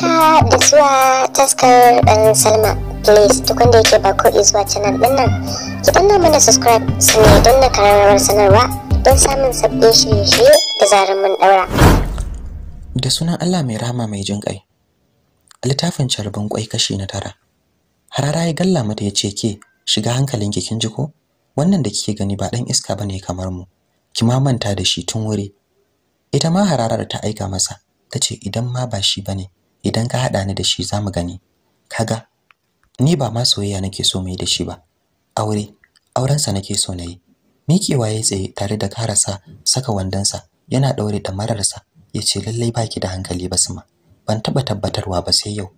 haka da zuwa taskar dan salma please duk wanda yake ba ko zuwa canal din nan ki danna mana subscribe su ne don na kararrawar sanarwa don samun sabbin shirye-shirye da zarar mun daura da sunan allah mai rama mai jin kai littafin carbin kwai kashi na tara harara ya galla mata ya ce ke shiga hankalin kin ji ko wannan da kike gani ba dan iska ba ne kamar mu ki ma manta da shi tun wuri ita ma hararar ta aika masa ta ce idan ma ba shi bane idan ka haɗa ni da shi zamu gani kaga ni ba ma soyayya nake so mai da shi ba aure auren sa nake so nayi mikewa ya tsaye tare da karasa saka wandansa yana daure ya ce lallai baki da hankali ba sima ban taɓa tabbatarwa ba sai yau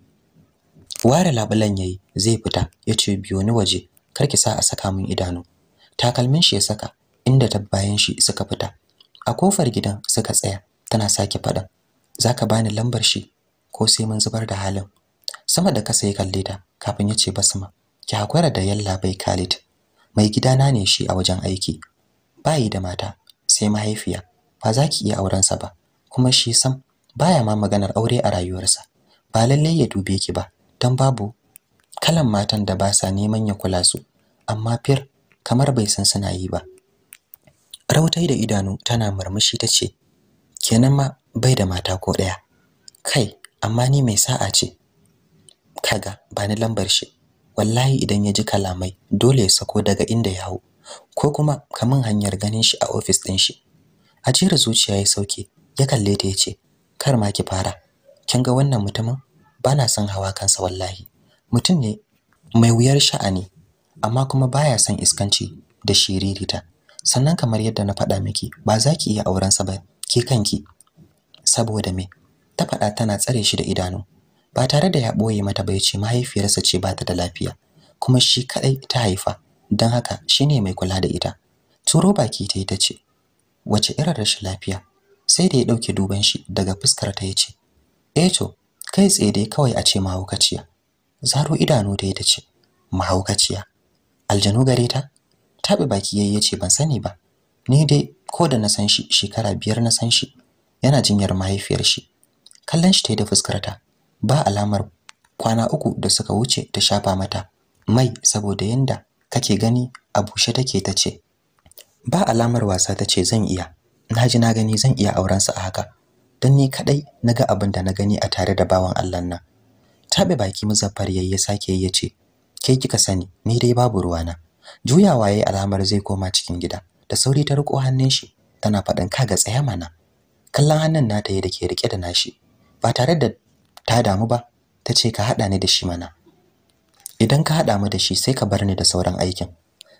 ware labulan yayi zai fita yace biyo ni waje kar ki sa a saka min idanu takalmin shi ya saka inda tabbayin shi suka fita a kofar gidan suka tsaya tana sake fada zaka bani lambar shi ko sai mun zubar da halin sama da kasa ya kalle ta kafin ya ce basma ki hakura da yalla bai Khalid mai gidana ne shi a wajen aiki bayi da mata sai mahaifiya ba za ki iya auren sa ba kuma shi sam baya ma maganar aure a rayuwarsa ba lalle ya dube ki ba dan babu kalan matan da ba sa neman ya kula su amma fir kamar bai san suna yi ba rautai da idanu tana murmushi tace kenan ma bai da mata ko daya kai amma ni mai sa'a ce kaga ba ni lambar shi wallahi idan ya ji kalamai dole ya sako daga inda ya hau ko kuma min hanyar ganin shi a ofis din shi a jira zuciya ya sauke ya kalle ta ya ce, kar ma ki fara kin ga wannan mutumin Ba na son hawa kansa wallahi mutum ne mai wuyar sha'ani amma kuma baya son iskanci da shiririta sannan kamar yadda na faɗa miki ba za ki iya auren sa ba ke kanki saboda me ta faɗa tana tsare shi da idanu ba tare da ya ɓoye mata ba ce mahaifiyarsa ce ba ta da lafiya kuma shi kaɗai ta haifa don haka shi ne mai kula da ita turo baki ta yi ta ce wace irin rashin lafiya sai da ya ɗauke duban shi daga fuskar ta ya ce eh to kai tsaye dai kawai a ce mahaukaciya zaro idanu ta yi ta ce mahaukaciya aljanu gare ta taɓe baki yayi ya ce ban sani ba ni dai ko da na san shi shekara biyar na san shi yana jinyar mahaifiyar shi kallon shi ta yi da fuskarta ba alamar kwana uku da suka wuce ta shafa mata mai saboda yanda kake gani a bushe take ta ce ba alamar wasa ta ce zan iya na ji na gani zan iya auren sa a haka dan ni kadai naga abin da na gani a tare da bawan Allah nan tabe baki muzaffar yayye sake yace ce kai kika sani ni dai babu ruwa na." juyawa yayi alamar zai koma cikin gida da sauri ta riko hannun shi tana faɗin ga tsaya mana kallon hannun nata ke rike da nashi ba tare da ta damu ba ta ce ka haɗa ni da shi mana idan ka haɗa mu da shi sai ka bar ni da sauran aikin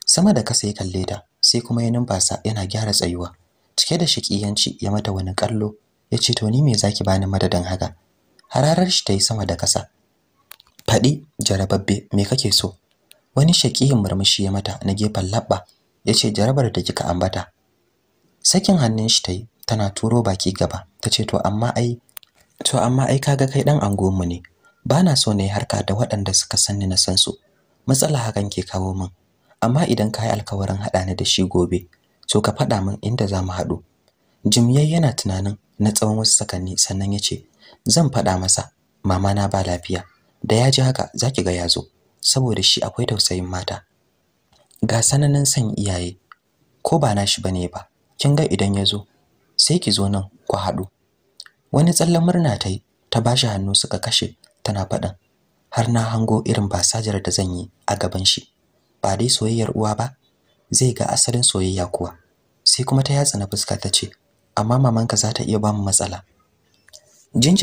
sama da kasa ya kalle ta sai kuma ya numfasa yana gyara tsayuwa cike da shikiyanci ya mata wani kallo ya ce to ni me zaki bani madadin haka hararar shi ta yi sama da kasa faɗi jarababbe me kake so wani shakiyin murmushi ya mata na gefen labba ya ce jarabar da kika ambata sakin hannun shi ta yi tana turo baki gaba ta ce to amma ai to amma ai kaga kai dan angonmu ne ba na so na yi harka da waɗanda suka sanni na san su matsala hakan ke kawo min amma idan ka yi alkawarin haɗa ni da shi gobe to ka faɗa min inda za mu haɗu jimyai yana tunanin na tsawon wasu sakanni sannan ya ce zan faɗa masa mama na ba lafiya da ya ji haka zaki ga ya zo saboda shi akwai tausayin mata ga sananan san iyaye ko ba nashi bane ba kin ga idan ya zo sai ki zo nan ku haɗu wani tsallan murna ta yi ta bashi hannu suka kashe tana faɗin har na hango irin basajar da zan yi a gaban shi ba dai soyayyar uwa ba zai ga asalin soyayya kuwa sai kuma ta yatsa na fuska ta ce amma mamanka za ta iya ba mu matsala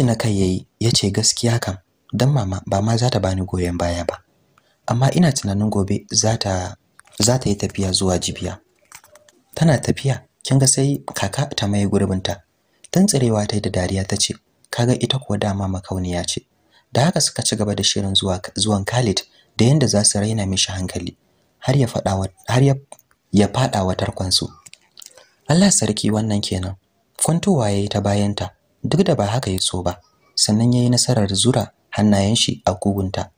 na kai yayi ya ce gaskiya kam dan mama ba ma za ta bani goyon baya ba amma ina tunanin gobe za ta za ta yi tafiya zuwa jibiya tana tafiya kin ga sai kaka ta mai gurbinta tantsarewa ta yi da dariya ta ce kaga ita kuwa dama makauniya ce da haka suka ci gaba da shirin zuwa zuwan Khalid da yanda za su raina mishi hankali har ya fada har ya ya fada wa tarkon Allah sarki wannan kenan kwantowa yayi ta bayanta duk da ba haka ya so ba sannan yayi nasarar zura hannayen shi a kugunta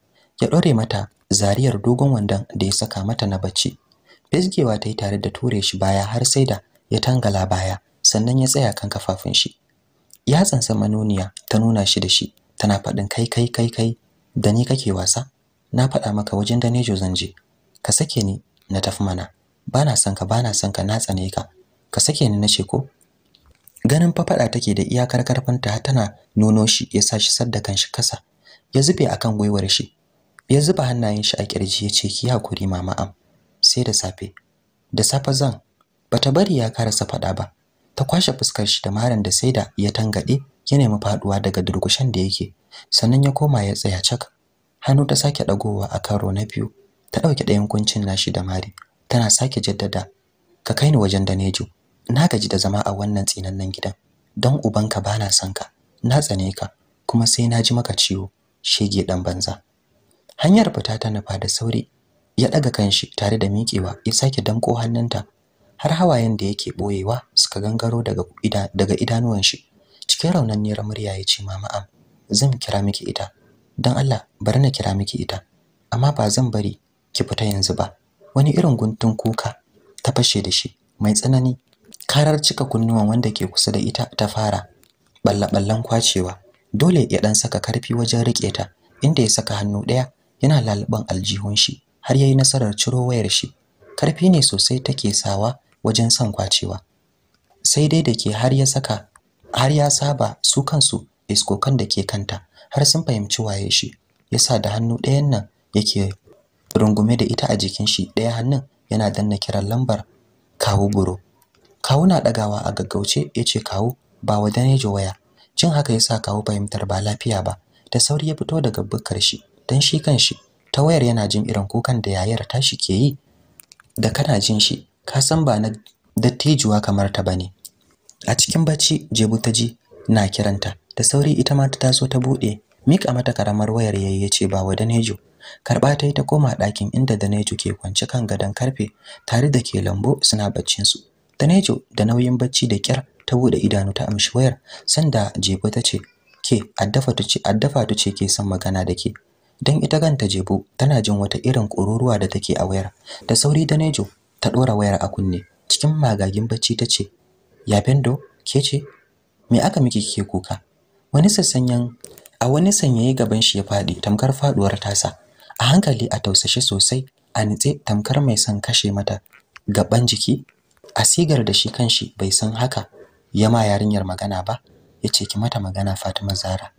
ya dore mata zariyar dogon wandan da ya saka mata na bacci Bezgewa ta yi tare da ture shi baya har sai da ya tangala baya sannan ya tsaya kan kafafun shi ya tsansa manoniya ta nuna shi da shi tana faɗin kai kai kai kai da ni kake wasa na faɗa maka wajen da nejo zan ka sake ni na tafi mana bana son ka bana son ka na tsane ka ka sake ni nace ko ganin fa faɗa take da iyakar karfanta har tana nono shi ya sa shi sadda kanshi kasa ya zube akan gwiwar shi ya zuba hannayen shi a kirji ya ce ki hakuri mama am sai da safe da safe zan bata bari ya karasa faɗa ba ta kwashe fuskar shi da marin da saida ya tangade ya nemi faduwa daga durgushin da yake sannan ya koma ya tsaya cak hannu ta sake dagowa a karo na biyu ta dauke ɗayan kuncin nashi da mari tana sake jaddada ka kai ni wajen danejo na gaji da zama a wannan tsinannen gidan don ubanka bana son ka na tsane ka kuma sai na ji maka ciwo shege dan banza hanyar fita ta nufa da sauri ya daga kanshi tare da miƙewa ya sake danko hannunta har hawayen da yake boyewa suka gangaro daga ida daga idanuwan shi cikin raunanniyar murya ya ce mama am zan kira miki ita don Allah bari na kira miki ita amma ba zan bari ki fita yanzu ba wani irin guntun kuka ta fashe da shi mai tsanani karar cika kunnuwan wanda ke kusa da ita ta fara ballaballan kwacewa dole ya dan saka karfi wajen rike ta inda ya saka hannu ɗaya yana lalban aljihun shi har yayi nasarar ciro wayar shi karfi ne sosai take sawa wajen son kwacewa sai dai da ke har ya saka har ya saba su kansu iskokan da ke kanta har sun fahimci waye shi yasa da hannu ɗayan nan yake rungume da ita a jikin shi ɗaya hannun yana danna kiran lambar kawu buro kawu na ɗagawa a gaggauce ya ce kawu ba wa danejo waya cin haka yasa kawu fahimtar ba lafiya ba da sauri ya fito daga bukkar shi don shi kan shi. ta wayar yana jin irin kukan da yayar tashi ke yi da kana jin shi ka san ba na dattijuwa kamar ta bane a cikin bacci jebu ta ji na kiranta da sauri ita ma ta taso ta bude mika mata karamar wayar yayi yace ba wa Danejo karba ta yi ta koma ɗakin inda Danejo ke kwance kan gadon karfe tare da ke lambo suna baccin su Danejo da nauyin bacci da kyar ta bude idanu ta amshi wayar sanda jebu ta ce ke addafa ta ce addafa ta ce ke son magana da ke dan ita ganta jebu tana jin wata irin kururuwa da take a wayar da sauri Danejo ta ɗora wayar a kunne cikin magagin bacci ta ce ya bendo ke ce me aka miki kike kuka wani sassanyan a wani sanyaye gaban shi ya faɗi tamkar faɗuwar tasa a hankali a tausashe sosai a nitse tamkar mai son kashe mata gaban jiki a sigar da shi kanshi bai san haka Yama yarinyar magana ba ya ce ki mata magana Fatima Zara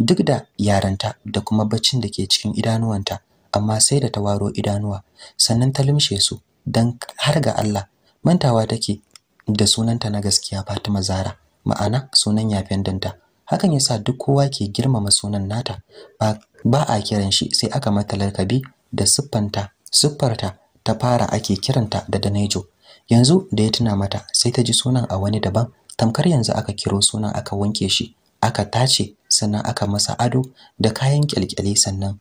duk da yaranta da kuma baccin da ke cikin idanuwanta amma sai da ta waro idanuwa sannan ta limshe su dan har ga Allah mantawa take da sunanta na gaskiya Fatima Zara ma'ana sunan yafen danta hakan yasa duk kowa ke girmama sunan nata ba, ba a kiran shi sai aka mata larkabi da siffanta siffarta ta fara ake kiranta da Danejo yanzu da ya tuna mata sai ta ji sunan a wani daban tamkar yanzu aka kiro sunan aka wanke shi aka tace sannan aka masa ado da kayan kyalkyale sannan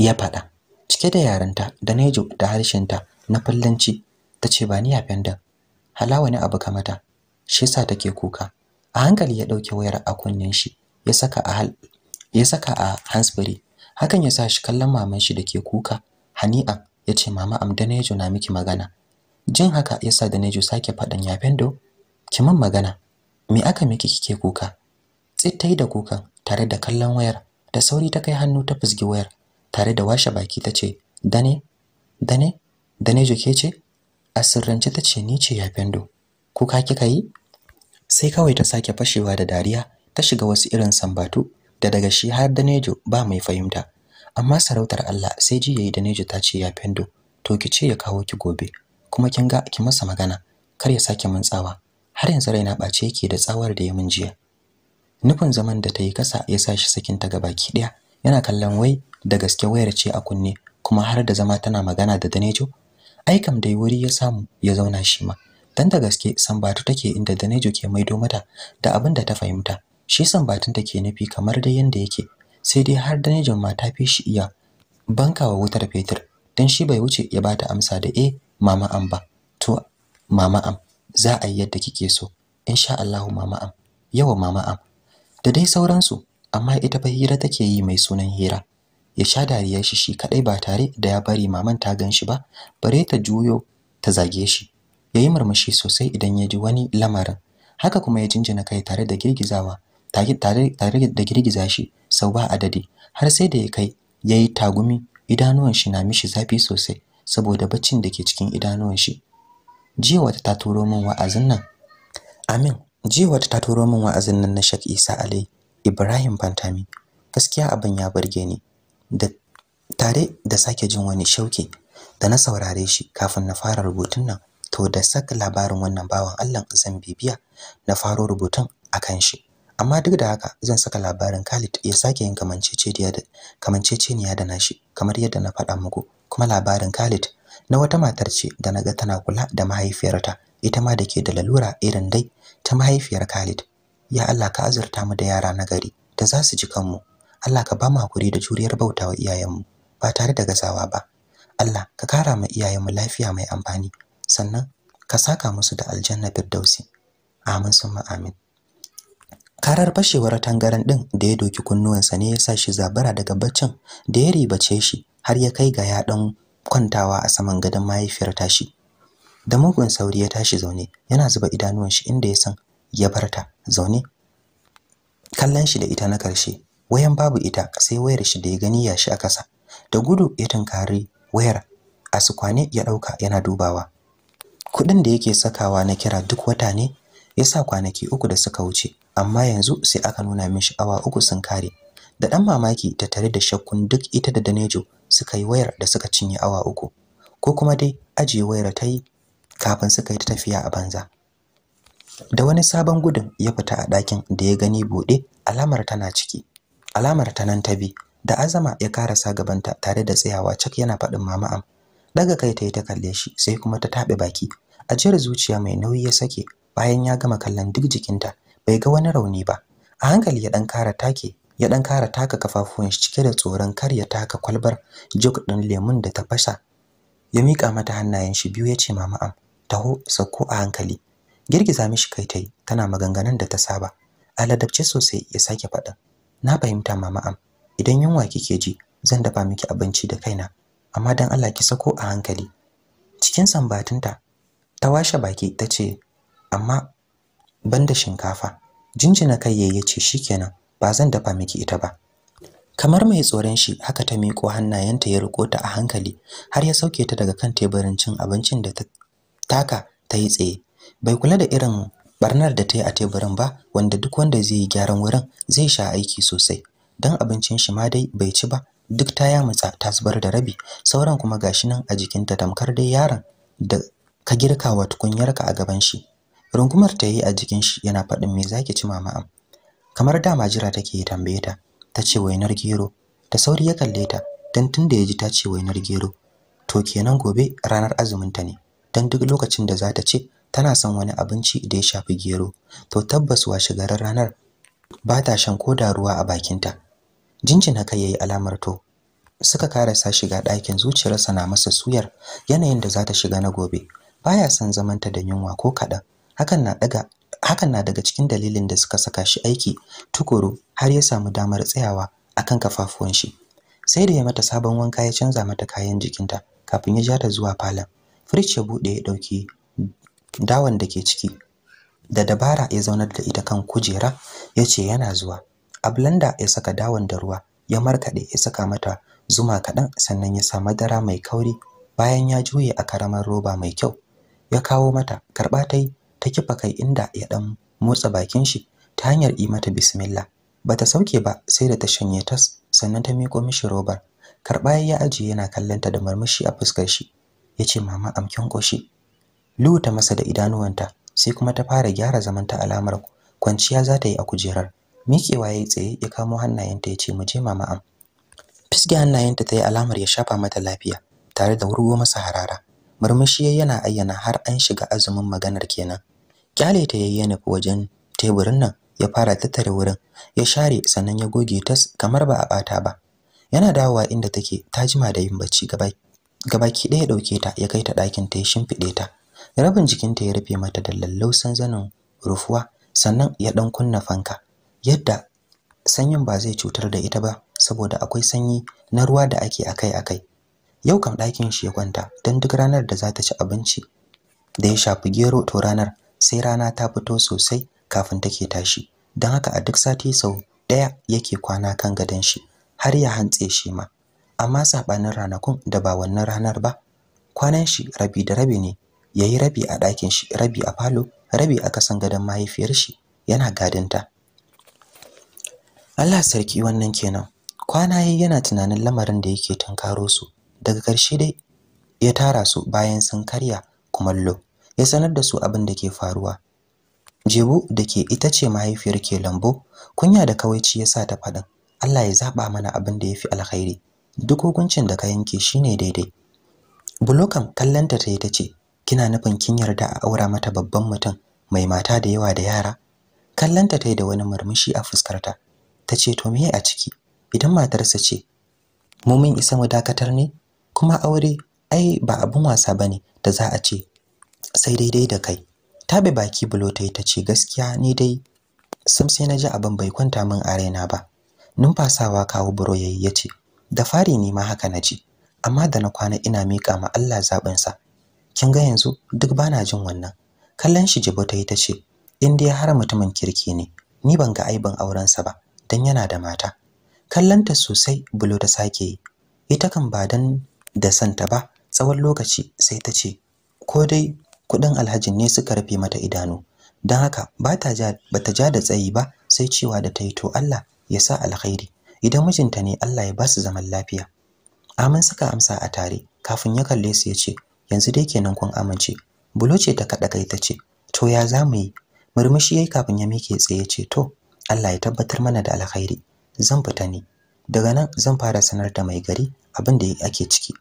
ya faɗa cike da yaranta da nejo da harshenta na fallanci ta ce ba ni yafen fendan halawa ne abu ka mata shi yasa take kuka a hankali ya dauke wayar a kunnen shi ya saka a hal ya saka a hansbury hakan ya sa shi kallon maman shi dake kuka hani'a ya ce mama am danejo na miki magana jin haka ya sa sake fadan yafendo? do ki man magana me aka miki kike kuka tsittai da kukan tare da kallon wayar da sauri ta kai hannu ta fusgi wayar tare da washe baki ta ce dane dane dane joke ce a sirrance ta ce ni ce ya fendo kuka kika yi sai kawai ta sake fashewa da dariya ta shiga wasu irin sambatu da daga shi har danejo ba mai fahimta amma sarautar Allah sai ji yayi danejo ta ce ya fendo to ki ce ya kawo ki gobe kuma kin ga ki masa magana kar ya sake mun tsawa har yanzu raina bace yake da tsawar da ya min jiya nufin zaman da ta yi kasa ya sa shi sakin ta baki ɗaya, yana kallon wai da gaske wayar ce a kunne kuma har da zama tana magana da Danejo ai kam dai wuri ya samu ya zauna shi ma dan da gaske sambatu take inda Danejo ke maido mata da abin da ta fahimta shi sambatun take nufi kamar da yanda yake sai dai har danejo ma ta fi shi iya bankawa wutar fetur dan shi bai wuce ya bata amsa da eh mama am ba to mama am za a yi yadda kike so insha Allahu mama am yawa mama am da dai sauransu amma ita fa hira take yi mai sunan hira ya sha dariyar shi shi kadai ba tare da ya bari maman ta ganshi ba bare ta juyo ta zage shi yayi murmushi sosai idan ya ji wani lamarin haka kuma ya jinjina kai tare da girgizawa tare da girgiza shi sau ba adadi har sai da ya kai yayi tagumi idanuwan shi na mishi zafi sosai saboda baccin da ke cikin idanuwan shi jiya ta turo min wa'azin nan amin jiya wata ta turo min wa'azin nan na shak Isa Ali Ibrahim Fantami gaskiya abin ya burge ni da tare da sake jin wani shauki da na saurare shi kafin na fara rubutun nan to da saka labarin wannan bawan Allah zan bibiya na faro rubutun akan shi amma duk da haka zan saka labarin Khalid ya sake yin kamanceceniya da kamanceceniya da nashi kamar yadda na faɗa muku kuma labarin Khalid na wata matar ce da naga tana kula da mahaifiyarta ita ma dake da lalura irin dai ta mahaifiyar Khalid ya Allah ka azurta mu da yara nagari da za su ji kanmu Allah ka ba mu hakuri da juriyar bautawa iyayenmu ba tare da gazawa ba Allah ka kara ma iyayenmu lafiya mai amfani sannan ka saka musu da aljanna firdausi amin summa amin karar fashewar tangaran din da ya doki kunnuwansa ne ya sa shi zabara daga baccin da ya ribace shi har ya kai ga ya dan kwantawa a saman gadon mahaifiyar tashi da mugun sauri ya tashi zaune yana zuba idanuwan shi inda ya san ya barta zaune kallon shi da ita na karshe wayan babu ita sai wayar shi da ya gani ya shi a kasa da gudu ya tunkari wayar a sukwane ya dauka yana dubawa kudin da yake sakawa na kira duk wata ne ya sa kwanaki uku da suka wuce amma yanzu sai aka nuna min awa uku sun kare da dan mamaki ta tare da shakkun duk ita da Danejo suka yi wayar da suka cinye awa uku ko kuma dai ajiye wayar ta yi kafin suka yi ta tafiya a banza da wani sabon gudun ya fita a ɗakin da ya gani buɗe alamar tana ciki alamar ta nan ta bi da azama ya karasa gabanta tare da tsayawa cak yana faɗin mama am daga kai ta yi ta kalle shi sai kuma ta taɓe baki A ajiyar zuciya mai nauyi ya sake bayan ya gama kallon duk jikinta bai ga wani rauni ba a hankali ya ɗan kara take ya dan kara taka kafafuwan shi cike da tsoron kar ya taka kwalbar juk din lemun da ta fasa ya mika mata hannayen shi biyu yace mama am taho sauko a hankali girgiza mishi kai tai tana maganganun da ta saba A aladabce sosai ya sake faɗin. na fahimta mama am idan yunwa kike ji zan dafa miki abinci da kaina amma dan Allah ki sako a hankali cikin sambatunta ta washe baki ta ce amma banda shinkafa jinjina kai yayi ce shikenan ba zan dafa miki ita ba kamar mai tsoron shi haka ta miƙo hannayenta ya riko ta a hankali har ya sauke ta daga kan teburin cin abincin da ta taka ta yi tsaye bai kula da irin barnar da ta yi a teburin ba wanda duk wanda zai yi gyaran wurin zai sha aiki sosai Don abincin shi ma dai bai ci ba duk ta yamutsa ta zubar da rabi sauran kuma gashi nan a jikinta tamkar dai yaron da ka girka wa tukunyarka a gaban shi rungumar ta yi a jikin shi yana faɗin me zaki ci mama am kamar dama jira take tambaye ta ta ce wainar gero ta sauri ya kalle ta dan tunda ya ji ta ce wainar gero to kenan gobe ranar azumin ta ne dan duk lokacin da za ta ce tana son wani abinci da ya shafi gero to tabbas wa washegarar ranar ba ta shan ko da ruwa a bakinta Jinjin haka yayi alamar to suka karasa shiga ɗakin zuciyarsa na masa suyar yanayin da za ta shiga na gobe baya son zamanta da yunwa ko kaɗan hakan na daga hakan na daga cikin dalilin da suka saka shi aiki tukuru har ya samu damar tsayawa akan kafafuwan shi sai da ya mata sabon wanka ya canza mata kayan jikinta kafin ya ja ta zuwa falon fridge ya bude ya ɗauki. dawan da ke ciki da dabara ya zaunar da ita kan kujera ya ce yana zuwa a ya saka dawan da ruwa ya markaɗe ya saka mata zuma kaɗan sannan ya sa madara mai kauri bayan ya juye a karamar roba mai kyau ya kawo mata karɓa ta yi ta kifa kai inda ya ɗan motsa bakin shi ta hanyar yi mata bismillah bata sauke ba sai da ta shanye tas sannan ta miƙo mishi robar karɓa ya ajiye yana kallon da murmushi a fuskar shi yace mama amkin ƙoshi ta masa da idanuwanta sai kuma ta fara gyara zamanta alamar kwanciya za ta yi a kujerar miƙewa ya yi tsaye ya kamo hannayenta ya ce mu je mama am fisge hannayenta ta yi alamar ya shafa mata lafiya tare da wurgo masa harara murmushi yana ayyana har an shiga azumin maganar kenan kyale ta yayi nufi wajen teburin nan ya fara tattare wurin ya share sannan ya goge tas kamar ba a bata ba yana dawowa inda take ta jima da yin bacci gabaki ɗaya ya ɗauke ta ya kai ta ɗakin ta ya shimfiɗe ta rabin jikinta ya rufe mata da lallausan zanin rufuwa sannan ya dan kunna fanka yadda sanyin ba zai cutar da ita ba saboda akwai sanyi na ruwa da ake akai-akai yau kam ɗakin shi ya kwanta don duk ranar da za ta ci abinci da ya shafi gero to ranar sai rana ta fito sosai kafin take tashi don haka a duk sati sau ɗaya yake kwana kan gadon shi har ya hantse shi ma amma saɓanin ranakun da ba wannan ranar ba kwanan shi rabi da rabi ne yayi rabi a ɗakin shi rabi a falo rabi a kasan gadon mahaifiyar shi yana gadinta Allah sarki wannan kenan kwana yayi yana tunanin lamarin da yake tunkaro su daga ƙarshe dai ya tara su bayan sun karya kumallo ya sanar da su abin da ke faruwa Jebu da ke ita ce mahaifiyar ke lambo kunya da kawaici ya sa ta faɗin Allah ya zaɓa mana abin da ya fi alkhairi duk hukuncin da ka yanke shine daidai Bulokam kallanta ta yi ta ce kina nufin kin yarda a aura mata babban mutum mai mata da yawa da yara kallanta tai da wani murmushi a fuskarta tace to me a ciki idan matarsa ce mu mun isa mu dakatar ne kuma aure ai ba abun wasa bane da za a ce sai dai-dai da kai tabe baki bulo tai tace gaskiya ni dai sam sai naji abin bai kwanta min a raina ba numfasawa kawo buro yayi yace da fari ni ma haka na ji. amma da na kwana ina mika ma Allah zaɓinsa. sa kin ga yanzu duk bana jin wannan kallon shi jibo ta yi ta ce in dai har mutumin kirki ne ni ban ga aibin auren sa ba dan yana da mata kallon ta sosai bulo ta sake yi ita kan ba dan da santa ba tsawon lokaci sai ta ce ko dai kudin alhajin ne suka rufe mata idanu dan haka ba ta ja bata ja da tsayi ba sai cewa da ta to Allah ya sa alkhairi idan mijinta ne Allah ya ba su zaman lafiya amin suka amsa a tare kafin ya kalle su ya ce yanzu dai kenan kun amince bulo ce ta kada kai ta ce to ya za mu yi murmushi yayi kafin ya mike tsaye ce to Allah ya tabbatar mana da alkhairi zan fita ne daga nan zan fara sanar da mai gari abin da ake ciki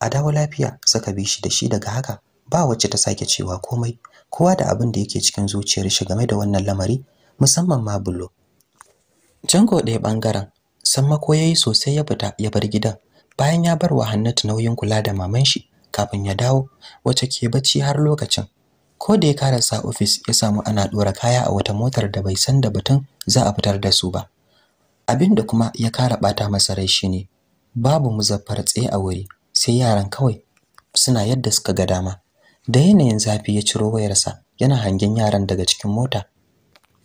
a dawo lafiya saka bi shi da shi daga haka ba wacce ta sake cewa komai kowa da abin da yake cikin zuciyar shi game da wannan lamari musamman ma bulo jango ɗaya bangaren sammako yayi sosai ya fita ya bar gidan bayan ya bar wa Hannatu nauyin kula da maman shi kafin ya dawo wacce ke bacci har lokacin ko da ya karasa ofis ya samu ana dora kaya a wata motar da bai san da batun za a fitar da su ba abin da kuma ya kara bata masa rai shine babu muzaffar tsaye a wuri sai yaran kawai suna yadda suka ga dama da yanayin zafi ya ciro wayarsa yana hangen yaran daga cikin mota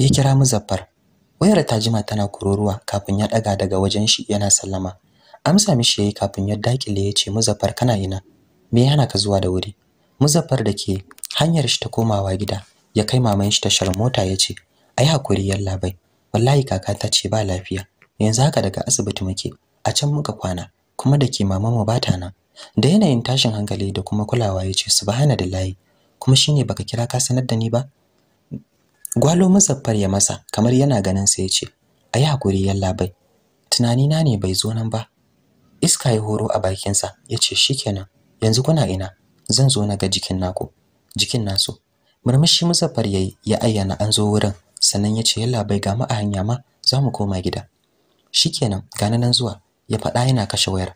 ya kira muzaffar wayar ta jima tana kururuwa kafin ya daga daga wajen shi yana sallama amsa mishi yayi kafin ya dakile ya ce muzaffar kana ina me yana ka zuwa da wuri muzaffar da ke hanyar shi ta komawa gida ya kai maman shi tashar mota ya ce ai hakuri yalla bai wallahi kaka ta ce ba lafiya yanzu haka daga asibiti muke a can muka kwana kuma da ke maman mu bata nan da yanayin tashin hankali da kuma kulawa ya ce subhanallahi kuma shine baka kira ka sanar da ni ba gwalo muzaffar ya masa kamar yana ganin sa ya ce ayi hakuri yalla bai tunani na ne bai zo nan ba iska ya horo a bakinsa, sa shi shikenan yanzu kuna ina zan zo na ga jikin naku jikin nasu murmushi muzaffar yayi ya ayyana an zo wurin sannan ya ce yalla bai ga mu a hanya ma za mu koma gida shikenan gani nan zuwa ya faɗa yana kashe wayar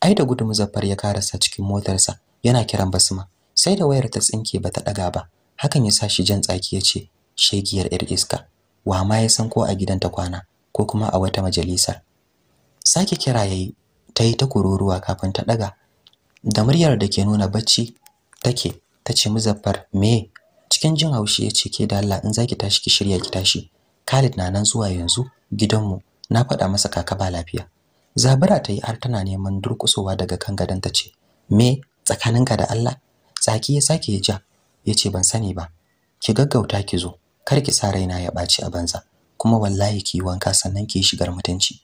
ai da gudu muzaffar ya karasa cikin motarsa yana kiran basma sai da wayar ta tsinke bata ɗaga ba hakan ya sa shi jan tsaki ya ce shegiyar yar iska wa ma ya san ko a gidan ta kwana ko kuma a wata majalisa sake kira yayi ta yi ta kururuwa kafin ta ɗaga? da muryar da ke nuna bacci take ta ce muzaffar me cikin jin haushi ya ce ke da Allah in zaki tashi ki shirya ki tashi Khalid na nan zuwa yanzu gidanmu na faɗa masa kaka ba lafiya Zabira ta yi har tana neman durƙusowa daga kan gadon ta ce me tsakaninka da Allah tsaki ya sake ya ja ya ce ban sani ba ki gaggauta ki zo kar ki sa raina ya ɓaci a banza kuma wallahi ki wanka sannan ki shigar mutunci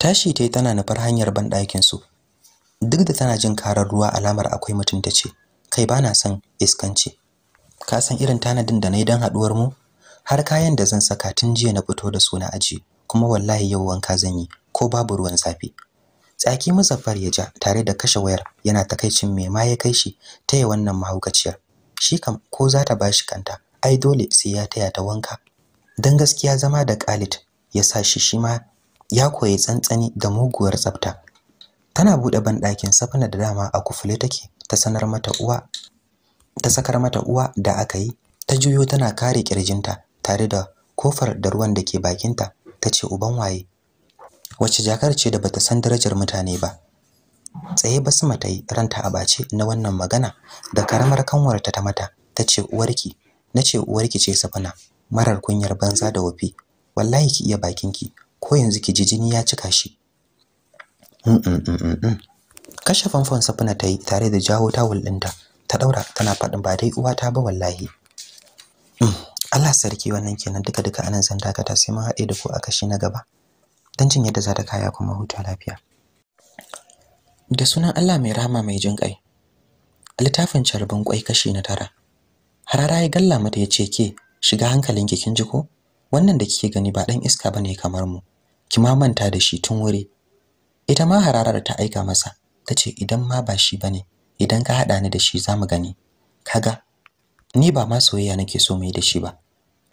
tashi yi tana nufar hanyar banɗakin su duk da tana jin karar ruwa alamar akwai mutum ta ce kai bana son iskanci ka san irin tanadin da na yi don haɗuwar mu har kayan da zan saka tun jiya na fito da suna aji kuma wallahi yau wanka zan yi ko babu ruwan zafi. tsaki muzaffar ya ja tare da kashe wayar yana takaicin me ma ya kai shi yi wannan mahaukaciyar shi kam ko za ta shi kanta ai dole sai ya taya ta wanka Don gaskiya zama da Khalid ya sa shi shi ma ya koyi tsantsani da muguwar tsafta tana buɗe banɗakin safina da dama a kufule take ta sanar mata uwa ta sakar mata uwa da aka yi ta juyo tana kare kirjinta tare da kofar da ruwan da ke bakinta ta ce uban waye wacce jakar ce da bata san darajar mutane ba tsaye basma ta yi ranta a bace na wannan magana da karamar kanwarta ta mata ta ce uwarki na ce uwarki ce safina marar kunyar banza da wafi wallahi ki iya bakinki ko yanzu ki ji jini ya cika shi Mm, mm, mm, kashe famfon safina ta yi tare da jawo tawul ɗinta ta ɗaura tana faɗin ba dai uwata ba wallahi Allah sarki wannan kenan duka duka anan zan dakata sai mun haɗe da ku a kashi na gaba dan jin yadda za ta kaya kuma huta lafiya da sunan Allah mai rahama mai jin ƙai littafin carbin kwai kashi na tara harara ya galla mata ya ce ke shiga hankalin kin ji ko wannan da kike gani ba dan iska bane kamar mu ki ma manta da shi tun wuri ita ma hararar ta aika masa ta ce idan ma ba shi bane idan ka haɗa ni da shi za mu gani kaga ni ba ma soyayya nake so mai da shi ba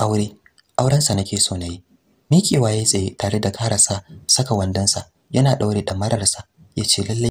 aure aurensa nake so nayi yi miƙewa ya tsaye tare da karasa saka wandonsa yana ɗaure mararsa ya ce lallai